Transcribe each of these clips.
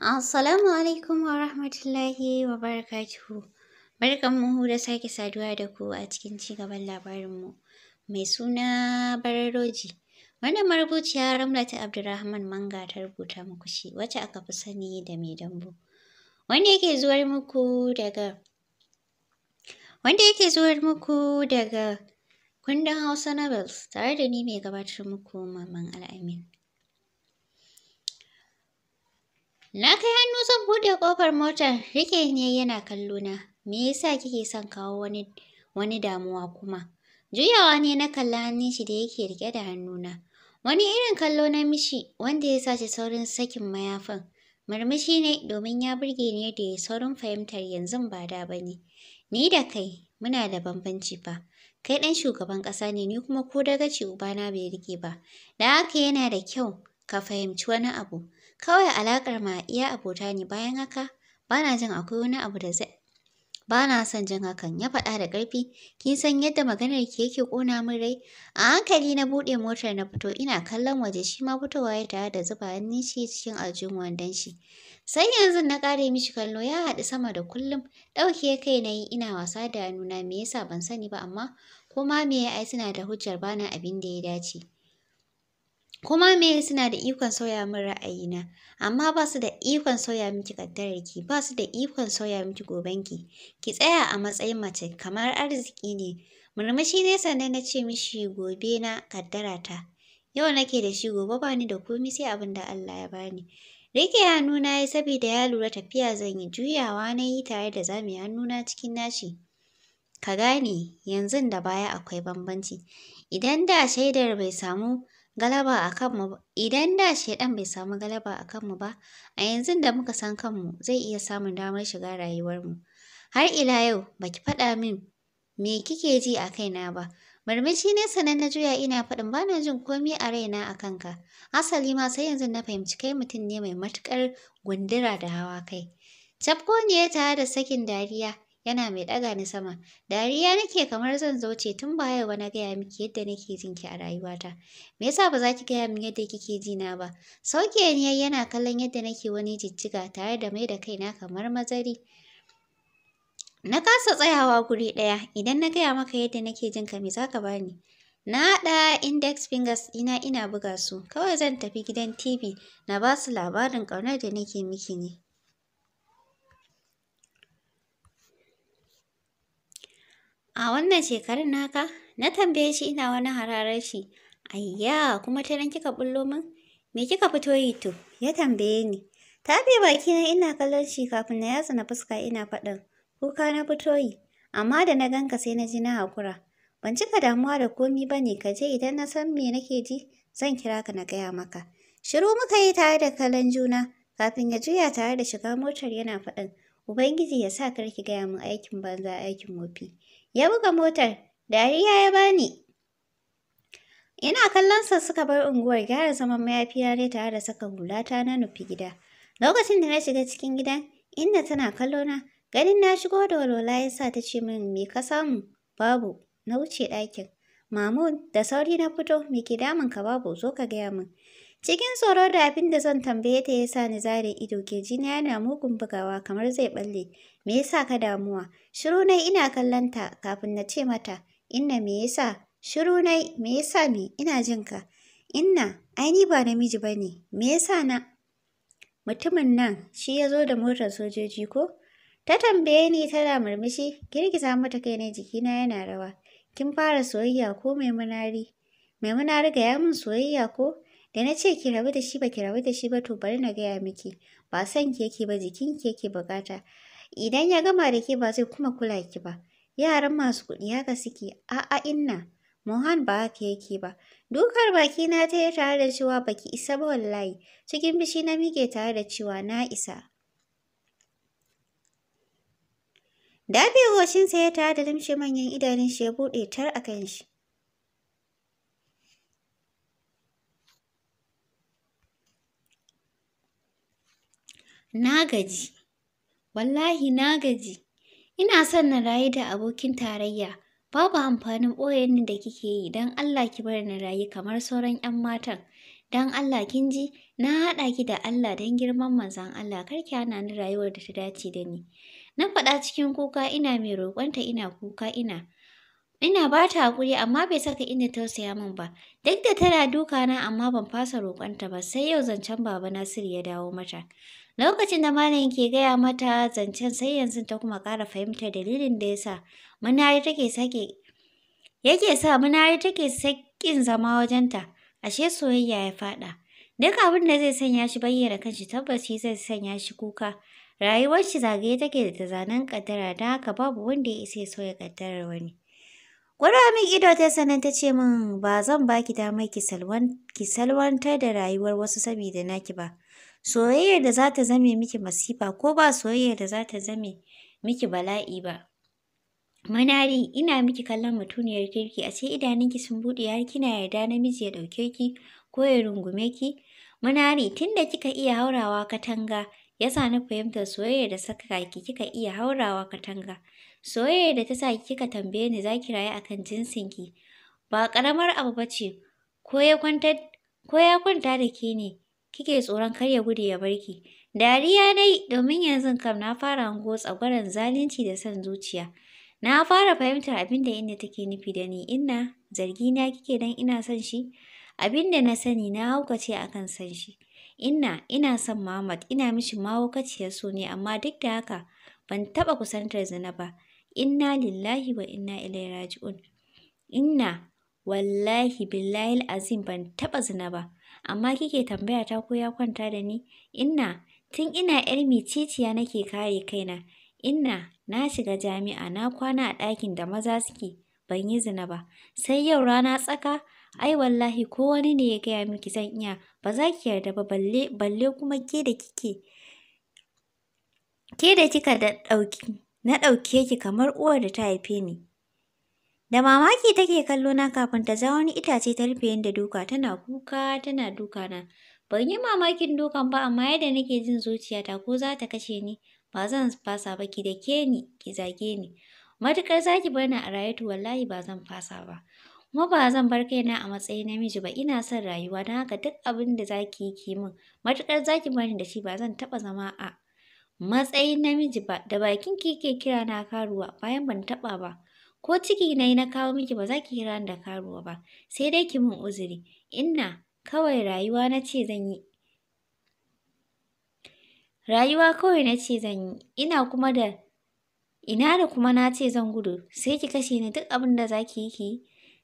Assalamu alaikum wa rahmatullahi wa barakatuhu. Barkanmu da sake saduwa da ku a cikin cigaban labarinmu. Mai suna Bararoji. Wannan marubuciya Ramlata Abdulrahman Manga ta rubuta muku shi wacce aka fi sani da mai dambu. Wanda yake zuwar muku daga Wanda yake zuwar muku daga kundin Hausa Novels tare da ni mai gabatar muku Maman Al'amin. Na kai hannu zan buɗe ƙofar motar, rike ne yana kallo na. Me yasa kike son kawo wani wani damuwa kuma? Juyawa ne na kalla hannun shi da yake rike da hannuna. Wani irin kallo na mishi wanda ya sace saurin sakin mayafin. Murmushi ne domin ya burge ni da ya saurin fahimtar yanzu ba da ba ne. Ni da kai muna da bambanci fa. Kai ɗan shugaban ƙasa ne ni kuma ko dagaci ubana bai rike ba. Da haka yana da kyau ka fahimci wani abu. Kawai alaƙar ma iya abota ne bayan haka ba na jin akwai wani abu da zai ba na son jin hakan ya faɗa da ƙarfi kin san yadda maganar ki yake ƙona min rai a hankali na buɗe motar na fito ina kallon waje shi ma fitowa ya tare da zuba hannun shi cikin aljihun wandon shi sai yanzu na ƙare mishi kallo ya haɗu sama da kullum ɗauke kai na yi ina wasa da hannuna me yasa ban sani ba amma ko ma me ya ai suna da hujjar bana abin da ya dace Kuma me suna da ikon sauya min ra'ayina, amma ba su da ikon sauya miki ƙaddararki, ba su da ikon sauya miki gobenki. Ki tsaya a matsayin mace kamar arziki ne. Murmushi ne sannan na ce mishi gobe na ƙaddarata. Yau nake da shi gobe ba ni da komai sai abin da Allah ya bani. Rike hannuna yayi saboda ya lura tafiya zan yi juyawa na yi tare da hannu hannuna cikin nashi. Ka gane yanzu da baya akwai bambanci. Idan da shaidar bai samu galaba a kanmu ba. Idan da shaidan bai samu galaba a kanmu ba, a yanzu da muka san kanmu zai iya samun damar shiga rayuwarmu. Har ila yau baki faɗa min me kike ji a kaina ba. Murmushi ne sanan na juya ina faɗin bana jin komai a raina a kanka. Asali ma sai yanzu na fahimci kai mutum ne mai matuƙar gundura da hawa kai. Cafko ne ya tare da sakin dariya. yana mai ɗaga ni sama. Dariya nake kamar zan zo ce tun ba yau ba na gaya miki yadda nake jin ki a rayuwata. Me yasa ba za ki gaya min yadda kike ji na ba? Sauke ni yana kallon yadda nake wani jijjiga tare da mai da kaina kamar mazari. Na kasa tsayawa guri ɗaya idan na gaya maka yadda nake jin ka me za ka bani? Na haɗa index fingers ina ina buga su, kawai zan tafi gidan TV na ba su labarin ƙaunar da nake miki ne. A wannan shekarun naka? Na tambaye shi ina wani hararar shi. Ayya, kuma ta nan kika bullo min? Me kika fito yi to? Ya tambaye ni. Ta bi na ina kallon shi kafin na yatsa na fuska ina faɗin. Kuka na fito yi. Amma da na ganka sai na ji na haƙura. Ban cika damuwa da komi ba ne ka je idan na san me nake ji zan kira ka na gaya maka. Shiru muka yi tare da kallon juna kafin ya juya tare da shiga motar yana faɗin. Ubangiji ya sa karki gaya min aikin banza aikin wofi. Ya buga motar, dariya ya bani. Ina kallonsa suka bar unguwar gyara zaman mayafiya ne tare da saka hulata na nufi gida. Lokacin da na shiga cikin gidan, inda tana kallo na, ganin na shigo da walwala ya sa ta ce min me ka samu? Babu, na wuce ɗakin. "Mamu! da sauri na fito, me ke damun ka babu, zo ka gaya min. Cikin tsoro da abin da zan tambaye ta yasa sa ni zare ido ke na yana mugun bugawa kamar zai balle. Me yasa ka damuwa? Shiru nai ina kallon ta kafin na ce mata, "Inna me yasa?" Shiru nai, "Me yasa me? Ina jin ka." "Inna, ai ni ba namiji bane. Me yasa na?" Mutumin nan shi ya zo da motar sojoji ko? Ta tambaye ni tana murmushi, girgiza mata kai na jikina yana rawa. Kin fara soyayya ko mai munari? Mai munari ga ya soyayya ko? Da na ce ki rabu da shi ba ki rabu da shi ba to bari na gaya miki ba san ki yake ba jikin ki yake bukata. Idan ya gama da ke ba zai kuma kula ki ba. Yaran masu kuɗi haka suke a'a inna. Mohan ba haka yake ba. Dukar baki na ta yi tare da cewa baki isa ba wallahi. Cikin bishi na mike tare da cewa na isa. Dafe goshinsa ya tare da limshe manyan idanun shi ya buɗe tar a kan shi. na gaji, wallahi na gaji, ina son na rayu da abokin tarayya, babu amfanin ɓoyen da kike yi don Allah ki bar na rayu kamar sauran 'yan matan. Don Allah kin ji, na haɗa ki da Allah don girman manzan Allah kar ki hana ni rayuwar da ta dace da ni. Na faɗa cikin kuka ina mai roƙonta ina kuka ina, Ina ba ta haƙuri amma bai saka inda tausaya min ba. Duk da tana duka na amma ban fasa roƙonta ba sai yau zancen Baba Nasiru ya dawo mata. Lokacin da malamin ke gaya mata zancen sai yanzu ta kuma ƙara fahimtar dalilin da yasa munari take sake yake sa munari take sakin zama wajenta. Ashe soyayya ya faɗa. Duk abin da zai sanya shi bayyana kanshi tabbas shi zai sanya shi kuka. Rayuwar shi zagaye take da zanen ƙaddara, da haka babu wanda ya isa ya so ya wani. Gwada min ido ta sanan ta ce min ba zan ba ki damar ki salwantar da rayuwar wasu saboda naki ba. Soyayyar da za ta zame miki masifa ko ba soyayyar da za ta zame miki bala'i ba. Manari, ina miki kallon mutuniyar kirki a ce idaninki sun buɗe har kina yarda namiji ya ɗauke ki ko ya rungume ki. Manari, tunda kika iya haurawa katanga, yasa na fahimtar soyayyar da saka ki kika iya haurawa katanga. Soyayyar da ta sa kika tambaye ni za ki rayu a kan ki? ba ƙaramar abu ba ce, ko ya kwanta da ke ne, kike tsoron kar ya gudu ya barki. Dariya na yi domin yanzu kam na fara hango tsagwaron zalunci da son zuciya. Na fara fahimtar abin da inda take nufi da ni, inna zargina kike dan ina son shi. Abin da na sani na haukace a kan san shi. Inna, ina son Muhammad, ina mishi mahaukaciyar so ne, amma duk da haka ban taɓa kusantar zina ba. inna lillahi wa inna ilai raji'un inna wallahi billahi azim ban taba zina ba amma kike tambaya ta ko ya kwanta da ni inna tun ina yar miciciya nake kare kaina inna na shiga jami'a na kwana a ɗakin da maza suke ban yi zina ba sai yau rana tsaka ai wallahi ko wani ne ya gaya miki zan iya ba za ki yarda ba balle balle kuma ke da kike ke da kika da ɗauki na ɗauke ki kamar uwar da ta haife ni. Da mamaki take kallo na kafin ta za wani itace ta rufe da duka tana kuka tana duka na. Ban yi mamakin dukan ba amma yadda nake jin zuciyata ko za ta kashe ni ba zan fasa ba ki da ke ni ki zage ni. Matuƙar za ki bani a raye wallahi ba zan fasa ba. Kuma ba zan bar kaina a matsayin namiji ba ina son rayuwa don haka duk abin da za ki yi ki min matuƙar za ki bani da shi ba zan taɓa zama a matsayin namiji ba da bakin ki yake kira na karuwa bayan ban taɓa ba ko ciki na na kawo miki ba za ki kira ni da karuwa ba sai dai ki mun uzuri ina kawai rayuwa na ce zan yi rayuwa kawai na ce zan yi ina kuma da ina da kuma na ce zan gudu sai ki kashe ni duk abin da za ki yi ki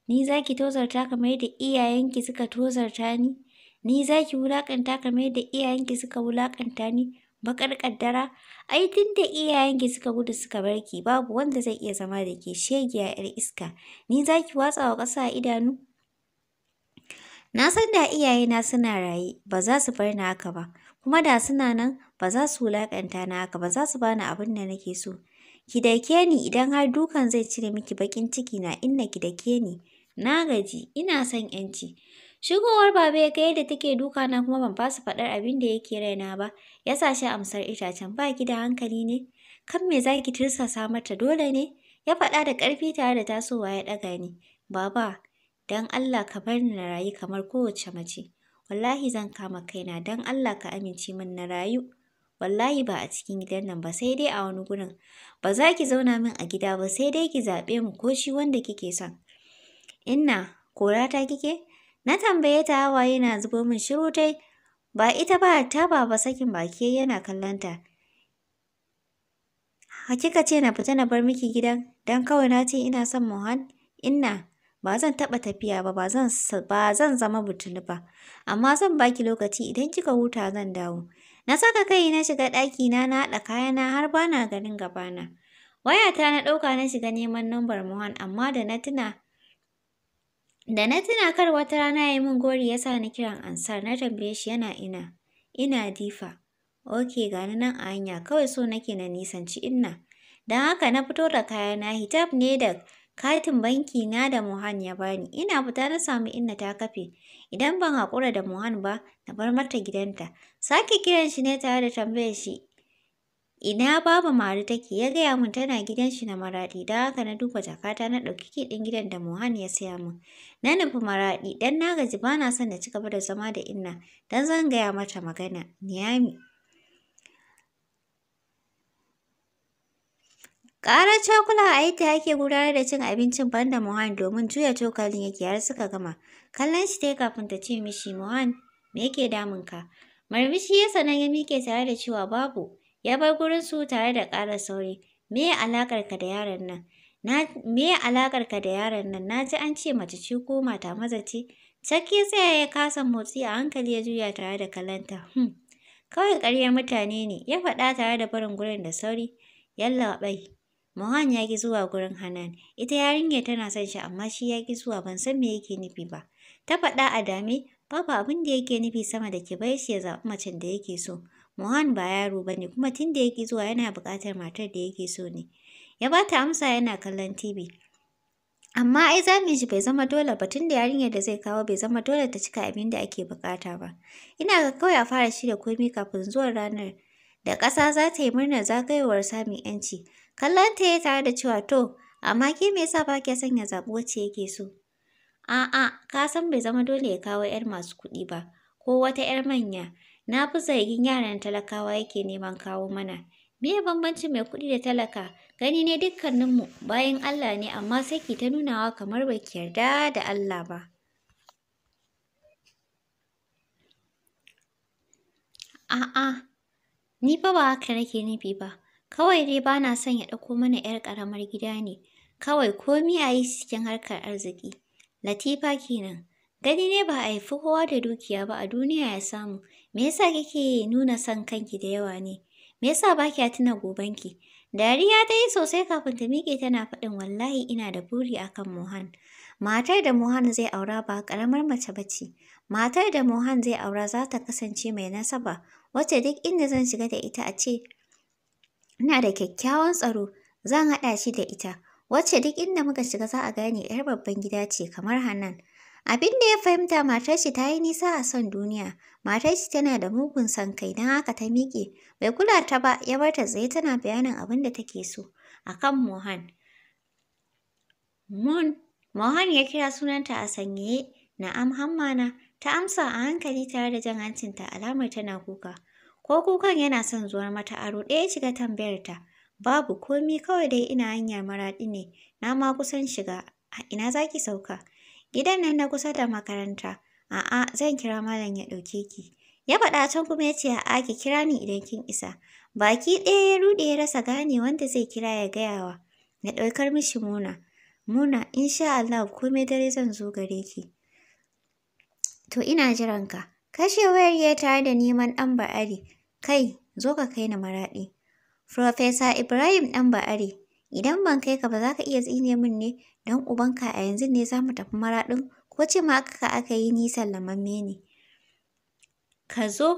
ni za ki tozarta kamar da iyayenki suka tozarta ni ni za ki wulaƙanta kamar da iyayenki suka wulaƙanta ni bakar kaddara ai tun da iyayenki suka gudu suka bar ki babu wanda zai iya zama da ke shegiya yar iska ni zaki watsa wa ƙasa idanu na san da iyayena suna raye ba za su bar ni haka ba kuma da suna nan ba za su wulaƙanta na haka ba za su bani abin da nake so ki dake ni idan har dukan zai cire miki baƙin ciki na inna ki dake ni na gaji ina son 'yanci Shigowar baba ya ga yadda take duka na kuma ban fasa faɗar abin da yake raina ba, ya sa shi amsar itacen ba gida hankali ne, kan me za ki tirsasa mata dole ne? Ya faɗa da ƙarfi tare da tasowa ya ɗaga ni. Baba, don Allah ka bar ni na rayu kamar kowace mace. Wallahi zan kama kaina don Allah ka amince min na rayu. Wallahi ba a cikin gidan nan ba sai dai a wani gurin. Ba za ki zauna min a gida ba sai dai ki zaɓe mu ko shi wanda kike son. Inna, korata kike? Na tambaye ta hawaye na zubo min shiru dai ba ita ba ta ba sakin baki yana kallonta. Hakika ce na fita na bar miki gidan, don kawai na ce ina son Mohan, inna ba zan taɓa tafiya ba, ba zan zama butulu ba, amma zan baki lokaci idan kika huta zan dawo. Na saka kai na shiga ɗakina na haɗa kayana har bana ganin gabana. Wayata na ɗauka na shiga neman nambar Mohan amma da na tuna Da na tuna kar wata rana ya yi min gori ya sa ni kiran ansar na tambaye shi yana ina. Ina difa. Oke gani nan a hanya kawai so nake na nisanci inna. Don haka na fito da kayana hitaf ne da katin banki na da Mohan ya bani. Ina fita na samu inna ta kafe. Idan ban haƙura da Mohan ba, na bar mata gidanta. Sake kiran shi ne tare da tambayar shi ina baba Mari take ya gaya mun tana gidan shi na Maraɗi. da haka na duba jakata na ɗauki kiɗin gidan da Mohan ya saya mun. Na nufi Maraɗi, dan na gaji ba na son na ci gaba da zama da Inna dan zan gaya mata magana Niyami. Ƙarar cokula a yadda ake gudanar da cin abincin banda Mohan domin juya cokalin yake har suka gama. Kallon shi dai kafin ta ce mishi Mohan me yake damun ka? Marmishi ya sanan ya miƙe tare da cewa babu. Ya bar gurin su tare da ƙara sauri. Me alaƙarka da yaron nan? Na me alaƙarka da yaron nan? Na ji an ce mace ce ko mata maza ce. Cakke ya tsaya ya kasa motsi a hankali ya juya tare da kalanta. Hmm. Kawai ƙaryar mutane ne, ya faɗa tare da barin gurin da sauri. Yallaɓai. Mohan ya ƙi zuwa gurin Hanan. Ita yarinya tana son shi amma shi ya ƙi zuwa ban san me yake nufi ba. Ta faɗa a dame, babu abin da yake nufi sama da ki bar shi ya zaɓi macen da yake so. Mohan ba yaro ba ne kuma tun da yake zuwa yana buƙatar matar da yake so ne. Ya ba ta amsa yana kallon TV. Amma ai zamin shi bai zama dole ba tun da yarinyar da zai kawo bai zama dole ta cika abin da ake buƙata ba. Ina ga kawai a fara shirya komai kafin zuwan ranar da ƙasa za ta yi murnar zagayowar samun 'yanci. Kallon ta ya tare da cewa to, amma ke me yasa ba kya sanya ya zaɓi wacce yake so? A'a, ka san bai zama dole ya kawo 'yar masu kuɗi ba, ko wata 'yar manya. Na fi zargin yaran talakawa yake neman kawo mana. Me ya bambanci mai kuɗi da talaka? Gani ne dukkaninmu bayan Allah ne amma sai ki ta nunawa kamar ba ki yarda da Allah ba. A'a, ni fa ba haka nake nufi ba. Kawai dai ba na son ya ɗauko mana 'yar ƙaramar gida ne. Kawai komi a yi cikin harkar arziki. Latifa kenan. Gani ne ba a haifi kowa da dukiya ba a duniya ya samu. Me yasa kike nuna son kanki da yawa ne? Me yasa ba kya tuna gobenki? Dariya ta yi sosai kafin ta miƙe tana faɗin wallahi ina da buri akan Mohan. Matar da Mohan zai aura ba ƙaramar mace ba ce. Matar da Mohan zai aura za ta kasance mai nasaba, wacce duk inda zan shiga da ita a ce, ina da kyakkyawan tsaro, zan haɗa shi da ita. Wacce duk inda muka shiga za a gane ‘yar babban gida ce kamar Hanan. Abin da ya fahimta matar shi ta yi nisa a son duniya. Matar shi tana da mugun son kai don haka ta miƙe. Bai kula ta ba ya bar ta tsaye tana bayanin abin da take so a kan Mohan. Mohan ya kira sunanta a sanyaye Na'am Hammana ta amsa a hankali tare da jan hancinta alamar tana kuka. Ko kukan yana son zuwar mata aro ɗaya shiga tambayar ta. Babu komi kawai dai ina hanyar maraɗi ne. Na ma kusan shiga. ina zaki sauka? Gidan nan na kusa da makaranta. A'a, zan kira malam ya ɗauke ki. Ya faɗa can kuma ya ce a'a ki kira ni idan kin isa. Baki ɗaya ya ruɗe ya rasa gane wanda zai kira ya gayawa. wa. Na ɗaukar mishi Muna. Muna, insha Allah komai dare zan zo gare ki. To ina jiran ka. Kashe wayar ya tare da neman ɗan ba'ari. Kai, zo ka kai ni maraɗi. Profesa Ibrahim ɗan ba'ari Idan ban kai ka ba za ka iya tsine min ne, don ubanka a yanzu ne za mu tafi maraɗin ko ce ma aka aka yi ni lamamme ne. Ka zo,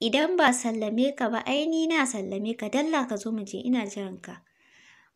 idan ba sallame ka ba ai ni na sallame ka dalla ka zo mu je ina jiran ka.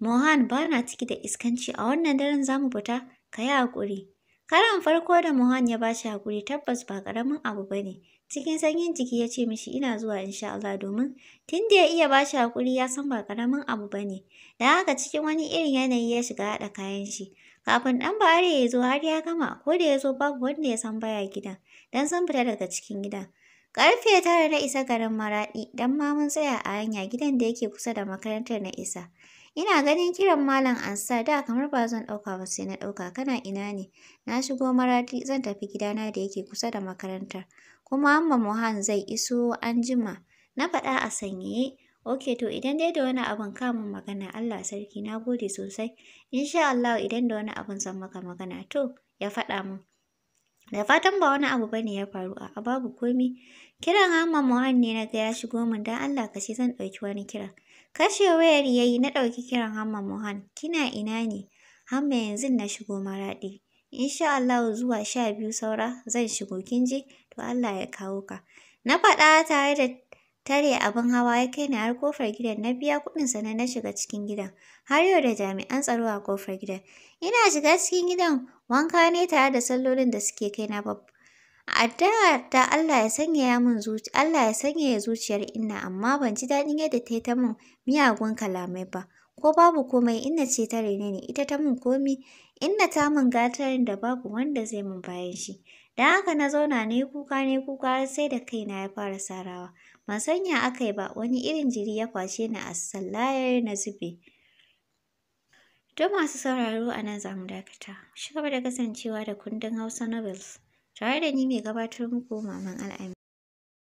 Mohan ba na ciki da iskanci a wannan daren za mu fita, ka yi haƙuri. Karan farko da Mohan ya ba shi haƙuri tabbas ba ƙaramin abu ba ne. Cikin sanyin jiki ya ce mishi ina zuwa insha Allah domin tun da ya iya ba shi haƙuri ya san ba ƙaramin abu ba ne. Da haka cikin wani irin yanayi ya shiga haɗa kayan shi. Kafin ɗan bare ya zo har ya gama ko da ya zo babu wanda ya san baya gidan don san fita daga cikin gidan. Ƙarfe tara na isa garin Maraɗi dan ma mun tsaya a hanya gidan da yake kusa da makarantar na isa. Ina ganin kiran Malam Ansa da kamar ba zan ɗauka ba sai na ɗauka kana ina ne. Na shigo Maraɗi zan tafi gidana da yake kusa da makarantar. kuma Amma Mohan zai iso anjima. Na faɗa a sanyaye. Ok to idan dai da wani abun kamun magana Allah sarki na gode sosai. Insha Allah idan da wani abun zan maka magana to ya faɗa min. Da fatan ba wani abu bane ya faru a babu komi. Kiran Amma Mohan ne na ga ya shigo min dan Allah ka ce zan dauki wani kiran. Kashe wayar yayi na dauki kiran Hamma Mohan. Kina ina ne? Hamma yanzu na shigo maraɗi. Insha Allah zuwa sha biyu saura zan shigo kin ji to Allah ya kawo ka. Na faɗa tare da tare abin hawa ya kai ni har kofar gidan na biya kuɗin sannan na shiga cikin gidan har yau da jami'an tsaro a kofar gidan. Ina shiga cikin gidan wanka ne tare da sallolin da suke kai na babu. Addu'a ta Allah ya sanyaya min zuci Allah ya sanyaya zuciyar Inna amma ban ji daɗin yadda ta yi ta min miyagun kalamai ba. Ko babu komai Inna ce ta rene ne ita ta min komi Inna ta min gatarin da babu wanda zai min bayan shi. Da haka na zauna ne kuka ne kuka sai da kaina ya fara sarawa. masanya sanya aka yi ba wani irin jiri ya kwashe ni a sallayar na zube. To masu sauraro a nan za mu dakata. Shi gaba da kasancewa da kundin Hausa Novels. Tare da ni mai gabatar muku Maman Al'ami.